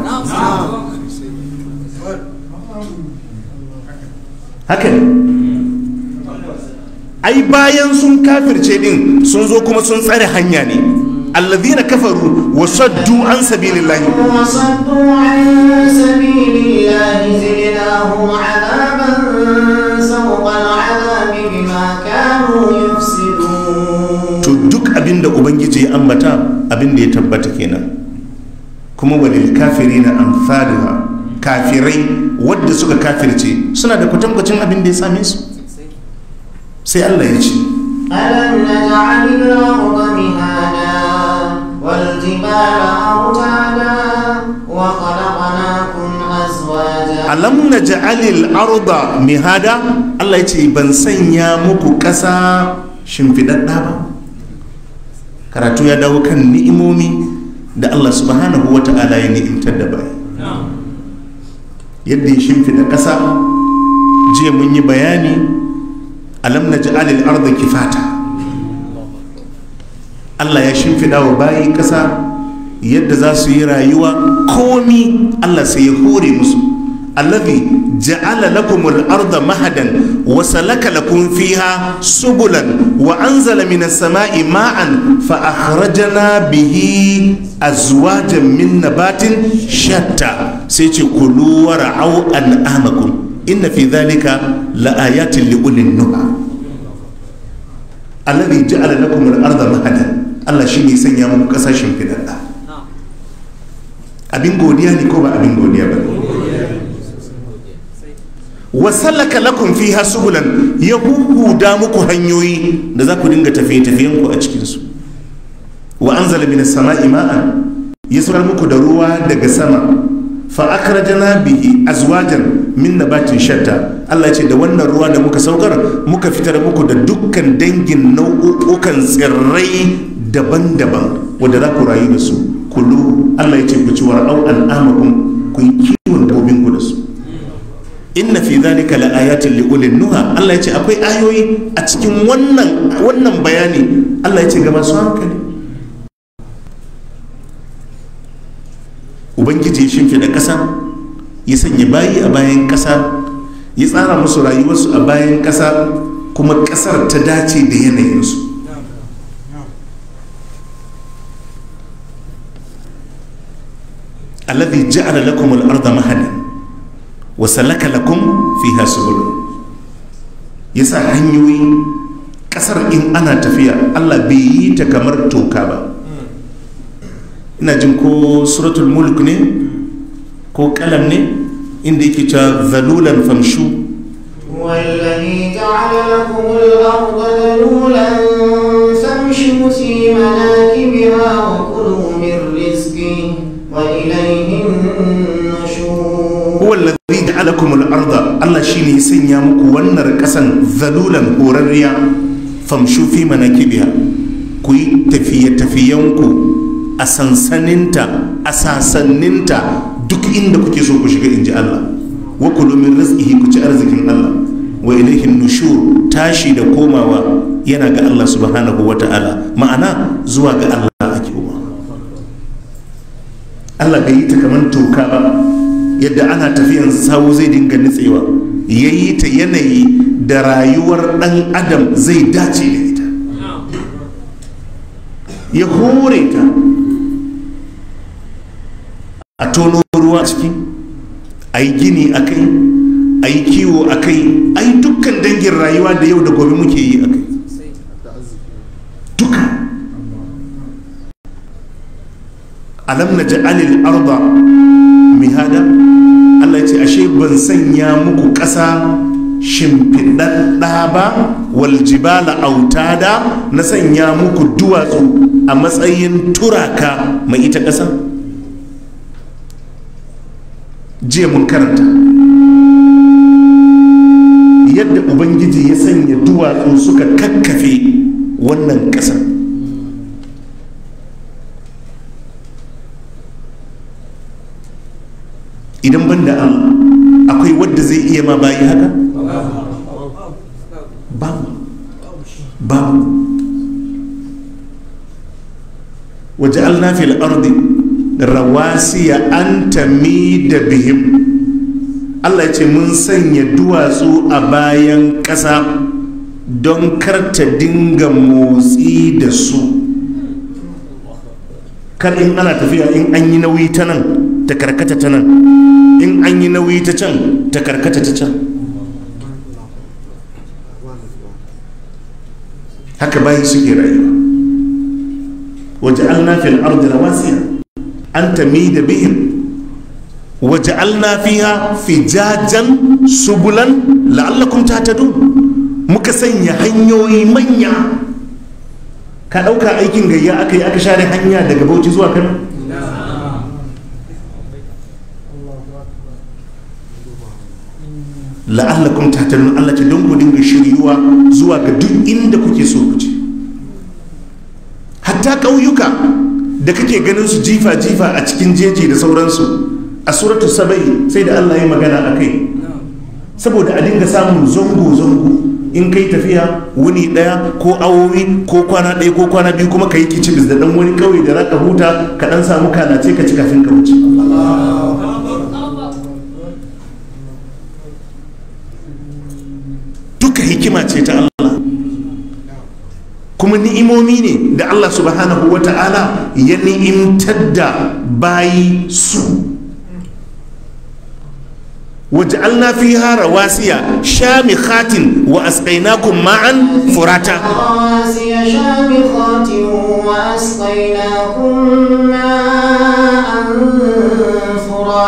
haka ai bayan sun kafirce din sun zo kuma sun tsare hanya ne na kafaru wa saddu an sabilillahi wa saddu an to duk abinda ubangiji ya ambata abinda ya tabbata kenan kuma walil kafiri na amfaduwa kafirai wadda suka kafirce suna da kwatankwacin abinda ya same su sai allah ya ce alam alam arba arda mihada Allah yace ban sanya muku ƙasa shimfiɗaɗɗa ba karatu ya dawo kan ni'imomi da Allah subhanahu ta'ala ya ni'imtar da bai yadda ya shimfida ƙasa jiya mun yi bayani alam arba arda kifata Allah ya shimfiɗa wa bayi ƙasa yadda za su yi rayuwa komi Allah sai ya hore musu allazi ja'ala lakumul arda mahadan wa salaka lakum fiha subulan wa anzala minas sama'i ma'an fa akhrajna bihi azwajan min nabatin shatta sai ce kulu wara'au an'amakum inna fi dhalika la'ayatin liulin nuha allazi ja'ala lakumul arda mahadan Allah shine sanya muku kasashin fidadda abin godiya ne ko ba abin godiya ba wasalaka lakum fi subulan ya huhuda muku hanyoyi da za ku dinga tafiye-tafiyen ku a cikinsu wa anzala min sama'i ma'an ya saurar muku da ruwa daga sama fa na bihi azwajan min nabatin shatta Allah ce da wannan ruwa da muka saukar muka fitar muku da dukkan dangin nau'ukan tsirrai daban-daban wanda za ku rayu da su kullu Allah ya ce ku ci ra'au al'amakum ku yi kiwon dabbobin da su inna fi zalika la ayatin li ulil nuha Allah ya ce akwai ayoyi a cikin wannan wannan bayani Allah ya ce ga masu hankali ubangiji ya shimfiɗa ƙasa ya sanya bayi a bayan ƙasa ya tsara musu rayuwarsu a bayan ƙasa kuma ƙasar ta dace da yanayinsu alladhi ja'ala lakum al-ardha mahadan wa fi lakum fiha ya yasa hanyoyi kasar in ana tafiya Allah bai yi ta kamar toka ba ina jin ko suratul mulk ne ko kalam ne inda yake ta zalulan famshu والذي جعل لكم الأرض ذلولا فامشوا في مناكبها وكلوا ja'alakumul arda Allah shine ya sanya muku wannan kasan zalulan horarriya famshu fi manakibiha ku yi tafiye ku a sansaninta a sasanninta duk inda kuke so ku shiga inji Allah wa kulu min rizqihi ku ci arzikin Allah wa ilayhi nushur tashi da komawa yana ga Allah subhanahu wa ta'ala ma'ana zuwa ga Allah ake Allah bai yi ta kamar toka ba yadda ana tafiyan sawu zai dinga nutsewa ya yi ta yanayi da rayuwar ɗan adam zai dace da ita ya hore ta a tono ruwa ciki a yi gini a kai a yi kiwo a kai a yi dukkan dangin rayuwa da yau da gobe muke yi a kai duka alam na alil arba. mihada Allah ce ashe ban sanya muku ƙasa shimfiɗaɗɗa ba waljibala autada na sanya muku duwatsu a matsayin turaka mai ita ƙasa jiya mun karanta yadda ubangiji ya sanya duwatsu suka kakkafe wannan ƙasar akwai wadda zai iya ma bayi haka babu babu waje alnafil ardi rawasiya an tami da bihim allah ce mun sanya duwatsu a bayan ƙasa don karta dinga motsi da su kar in ana tafiya in an yi nauyi ta nan ta karkata ta nan in an yi nauyi ta can ta karkata ta can haka bayan suke rayuwa waje alnafin ardina wasiya an tami da bihin waje fi fijajen subulan la'allakun ta tadu muka sanya hanyoyi manya ka ɗauka aikin gayya aka yi aka share hanya daga bauchi zuwa kanu la'allakum tahtadun Allah ce don ku dinga shiryuwa zuwa ga duk inda kuke so ku ce hatta ƙauyuka da kake ganin su jifa jifa a cikin jeji da sauransu a suratu sabai sai da Allah ya magana a kai saboda a dinga samun zango zango in kai tafiya wuni daya ko awowi ko kwana daya ko kwana biyu kuma ka yi kici da dan wani kauye da za ka huta ka dan samu ce ka ci kafin ka wuce duka hikima ce ta Allah kuma ni'imomi ne da Allah subhanahu wa ta'ala ya ni'imtar da bayi su وجعلنا فيها رواسي شامخات وأسقيناكم معا فراتا رواسي شامخات وأسقيناكم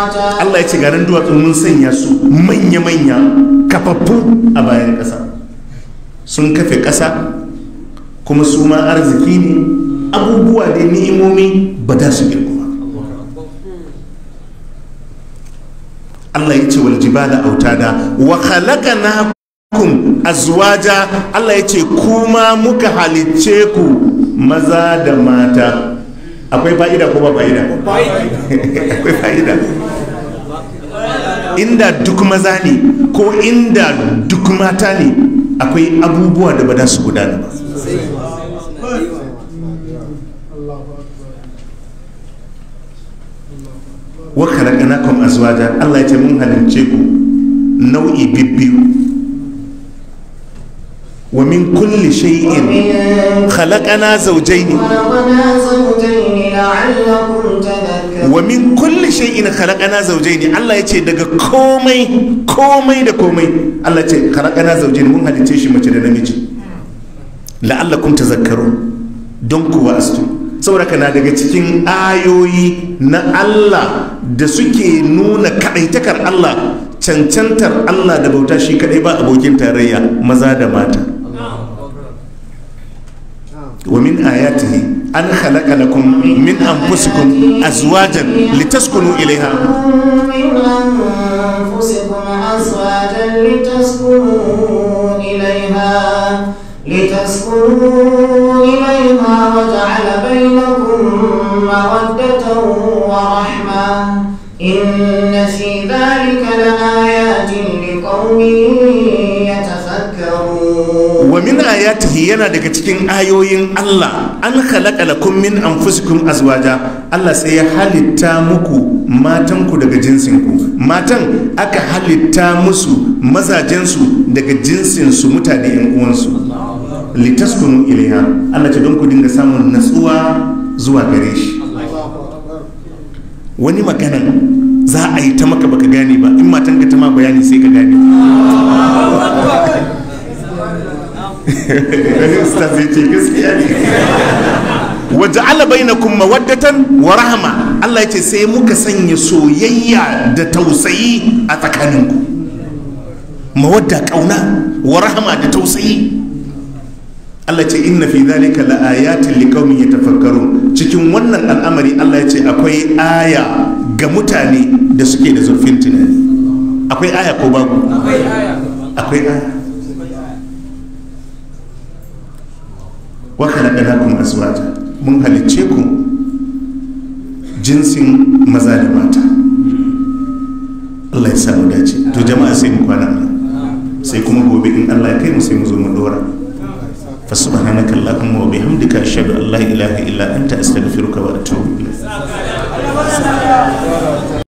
Allah ya ce garin duwatsu mun sanya su manya-manya kafaffu a bayan ƙasa sun kafe ƙasa kuma su ma arziki ne abubuwa da ni'imomi ba za su girku ba Allah ya ce da auta da wa khalaqna kum ja, Allah ya ce kuma muka halicce ku maza da mata akwai fa'ida ko ba fa'ida akwai fa'ida inda duk maza ne ko inda duk mata ne akwai abubuwa da ba su gudana ba ganakon azuwa da Allah ya ce mun halince ku nau'i bibbiyu ومن كل شيء خلقنا زوجين ومن كل شيء خلقنا زوجين الله يتي daga komai komai da komai Allah ce خلقنا زوجين mun halice shi mace da namiji la'allakum zakaru don ku wastu saboda na daga cikin ayoyi na Allah da suke nuna kadaitakar Allah cancantar Allah da bauta shi kadai ba abokin tarayya maza da mata ومن آياته أن خلق لكم من أنفسكم أزواجا لتسكنوا إليها من أنفسكم أزواجا لتسكنوا إليها لتسكنوا إليها وجعل بينكم مودة ورحمة إن في ذلك لآيات لقوم min ayatihi yana daga cikin ayoyin Allah an khalaqa lakum min anfusikum azwaja Allah sai ya halitta muku matanku daga jinsin ku matan aka halitta musu mazajensu daga jinsin su mutane yan uwansu litaskunu ilaiha Allah ta don ku dinga samun natsuwa zuwa gare shi wani magana za a yi ta maka baka gane ba in matan ka ta ma bayani sai ka gane Wajen ya ce gaskiya ne waje alabai na kuma waddatan wa rahama Allah ya ce sai muka sanya soyayya da tausayi a tsakaninku mawadda kauna wa rahama da tausayi Allah ce inna fi zalika la ayatin ya yatafakkarun cikin wannan al'amari Allah ya ce akwai aya ga mutane da suke da zurfin tunani akwai aya ko babu akwai aya akwai aya wa khalaqnakum azwaja mun halicce ku jinsin maza da mata Allah ya sa dace to jama'a sai mu kwana sai kuma gobe in Allah ya kai mu sai mu zo mu dora fa subhanaka allahumma wa bihamdika ashhadu an la ilaha illa anta astaghfiruka wa atubu ilayk